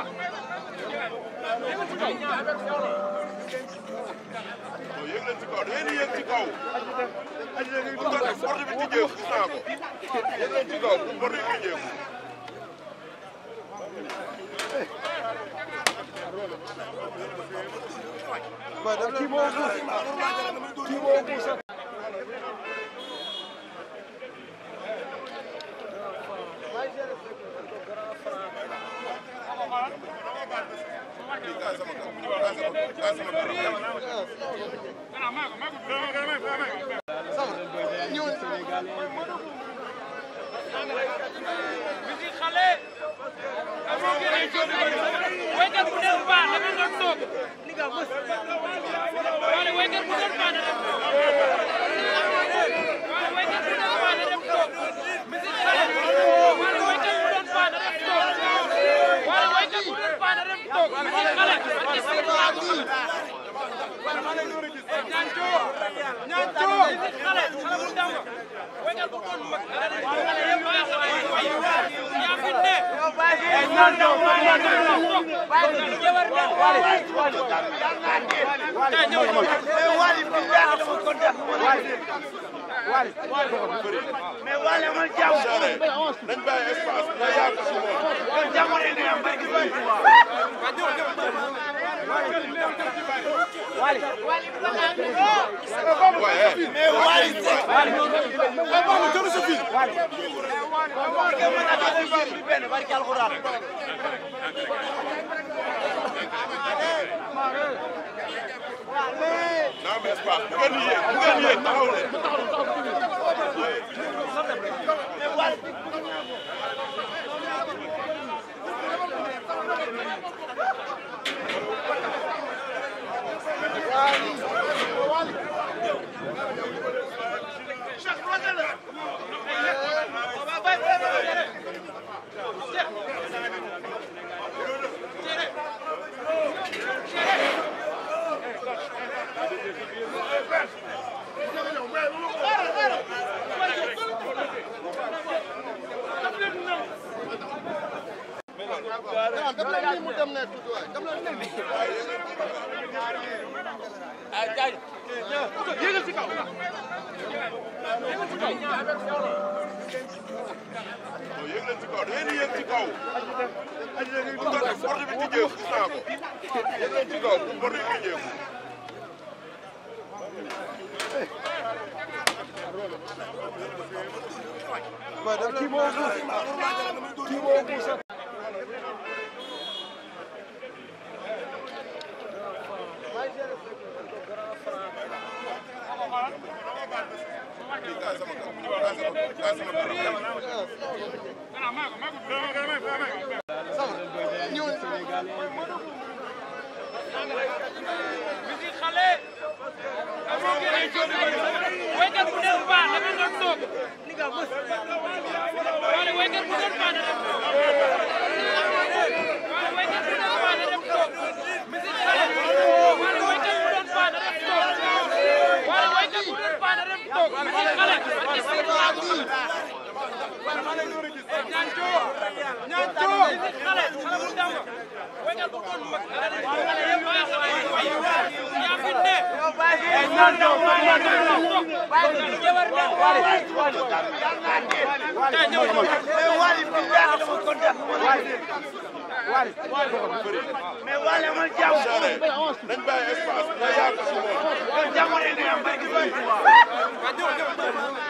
yëg leen ci kaw da ngeen di yëg ci kaw. pour que porte bi tijjee gis naa ko. yëg leen ci kaw pour porte bi tijjee ko. waaw kii boo kii boo Wake up, Wali. mais Wally Seck mais boobu gënu sa biir. non mais bu ngeen yéeg bu ngeen yéeg taxaw leen Vai, dá-lhe Wake up, wake up, mais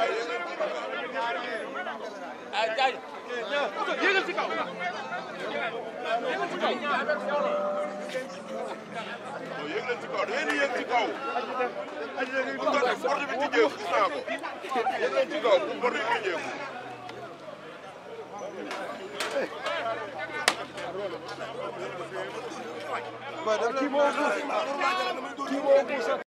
yéegal ci kaw yéegal ci kaw yéegal ci kaw dañuy yéeg ci kaw bu ko def porte bi tijjee gis naa ko yéegal ci kaw bu porte bi tijjee ba daf kii moo kii moo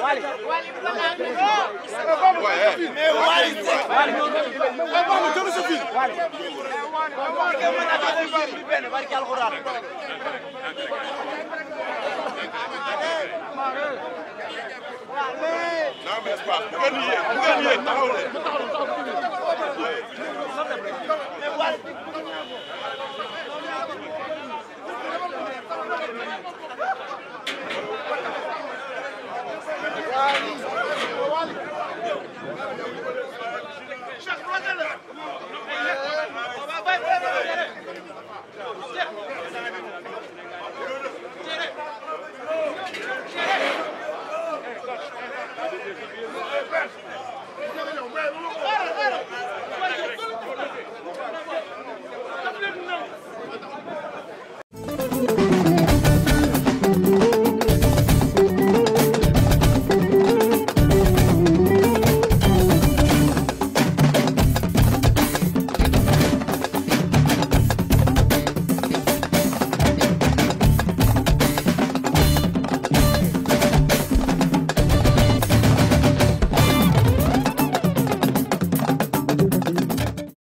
Wally. Wally Amin.